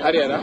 Arrière, Gracias.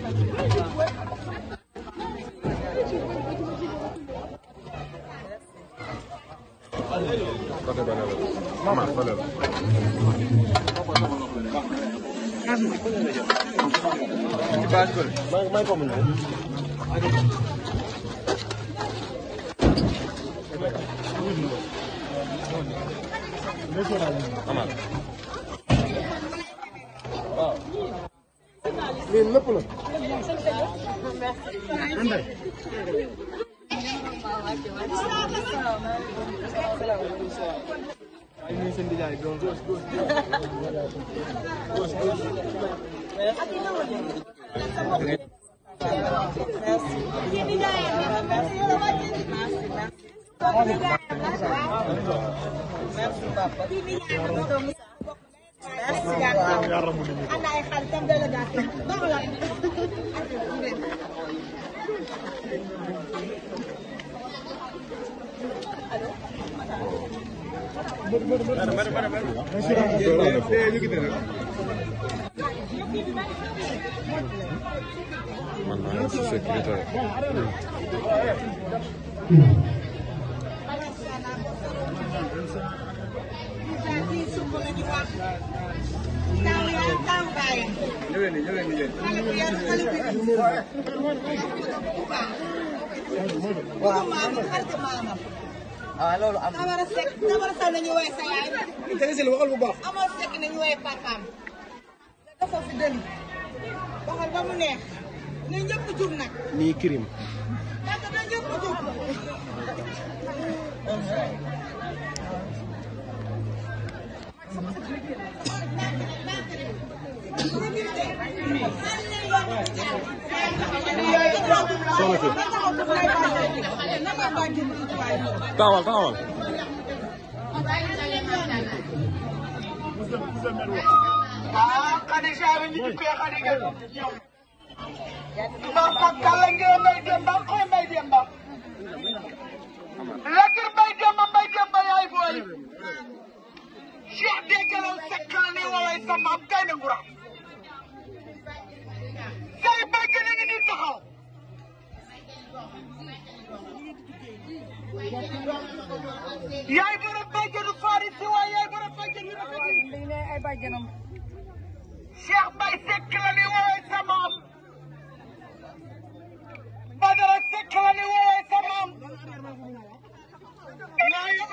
lii lépp la. Anday. Asalaamaaleykum. ini sendiri dong gus gus gus gus Merci. Maintenant, c'est secrétaire. Thank you. waaw ah, maamam xarit maamam. waaw loolu am na. Amara Seck Amara Seck nañu woowee waxal bu baax. Amara Seck nañu woowee papaam. dafa fi ba mu neex. na ñëpp jub nag. nii crime. taxawal taxawal. ah Khadija bi ñu ngi koy Khadija. mbaa ko kàlla ngeen mbay Demba xëy mbay Demba. lakir mbay Demba mbay Demba yaay booy. Cheikh Déggalaw Seck la ne walay sa maam kay na nguram. say bëgg na ñu ni taxaw. yaay borom bàjjenu Faris waay yaay borom bàjjen yi. dañu ne ay bàjjenam. Cheikh Baye Seck la ni woowee sa maam. Badara Seck la ni woowee sa maam. Yaayu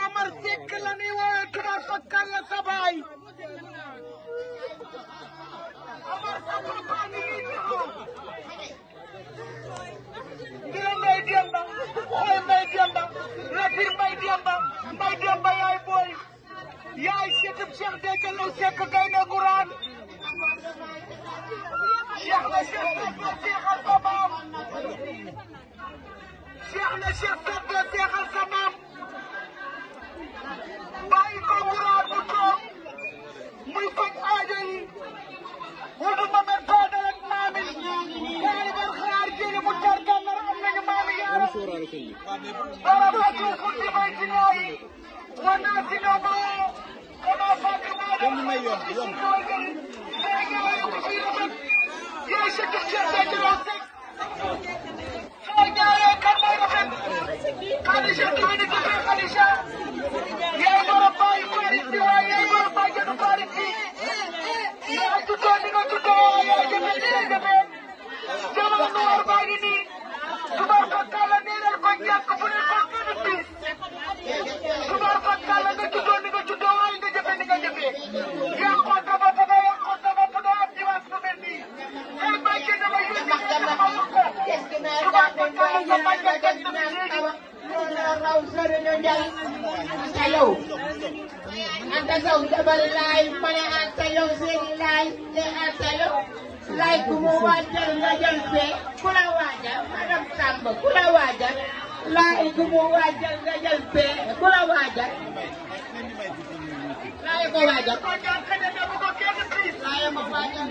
biir Mbaye Demba Mbaye Demba yaay booy yaay seetub Cheikh Béthio Thioune Seck Gaïndé Bourane yi kenn may yoon bi yoon bi sow demal laay ma ne Anta Diop seeni laay ne Anta Diop laay ku mu waajal nga jël fee ku la waajal madam Samba ku la waajal laay ku mu waajal nga jël fee ku la waajal laay ko waajal laay ma waajal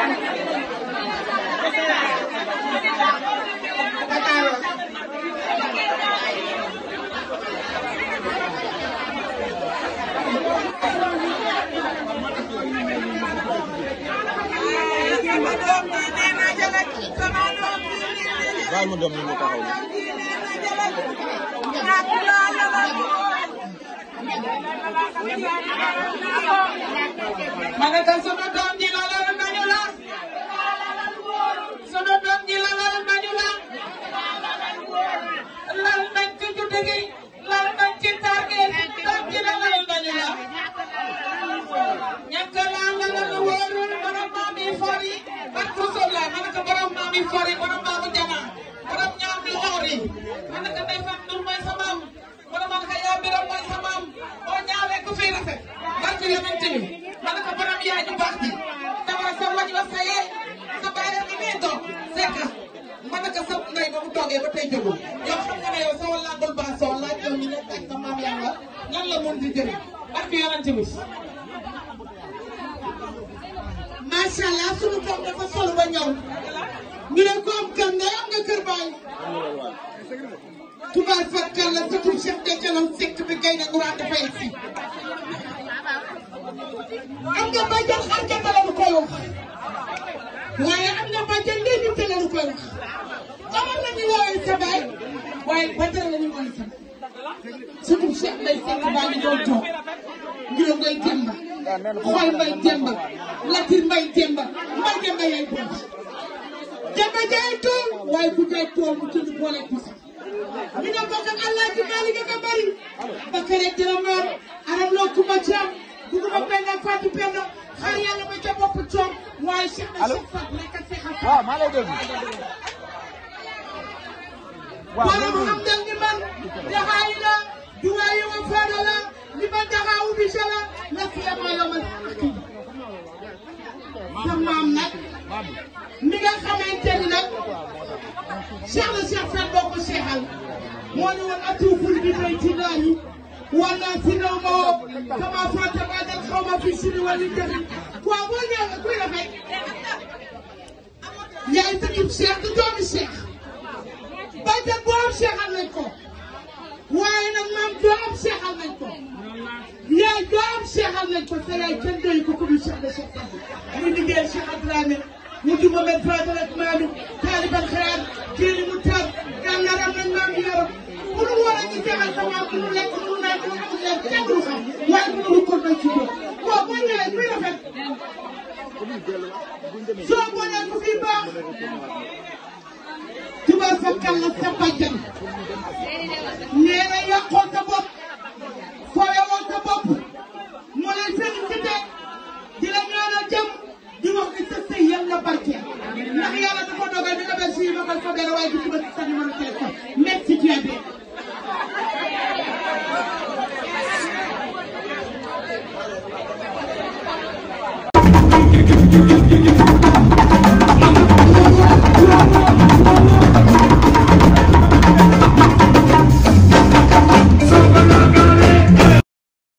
waaw ma doom ni mu taxaw ma nga dal sama doom toogee ba tey jógul yow xam nga ne yow sa wàllu àndul baax soo laaj yow ñu nekk ak sa maam yàlla la mun di jëriñ barke yonent bi. macha sunu doom dafa solo ba ñëw ñu ne koom kan nga am nga kër baay. tubaab fakkal la surtout chef de jalaw sekk bi gay na dafay si. am nga bajan waaye ba tere la ñu mën a fekk surtout Cheikh Mbaye Seck baa ngi doon toog Ngiro Mbaye Demba Xol Mbaye Demba Latir Mbaye Demba Mbaye Demba yaay boole. Demba jaay tool waaye bu jaay tool mu jënd boole ko sax ñu ne bokk ak Allah ji Penda xaar yàlla ma ca bopp coom waaye Cheikh Mbaye Seck Fatou nekk ak Cheikh Wala Hamdan liman dahaila duwaye wa fadala liman dahawu bi sala la fiyama yawmal qiyamah sa maam nag mi nga xamante ni nag Cheikh na Cheikh Fat boo ko seexal moo ne woon atuuful bi bay ci naañi wala si naw ma woo kama fanta ba dal xaw ma fi sini wala jëriñ waaw boo ñëwee kuy la fay yaay tëjub Cheikh du doomi Cheikh bayte boo am seexal nañ ko waaye nag maam doo am seexal nañ ko yaay doo am seexal nañ ko te yaay kenn doy ku dul Cheikh de Cheikh Fall mu liggéey Cheikh Abdourahmane mu juma men Fadel ak Maadu taaliban mu tar gànnaar am nañ maam yaram nu war a ñu jaxal sa maam nu lekk bu nu naan bu kenn du xam nu ko doy jëf jëf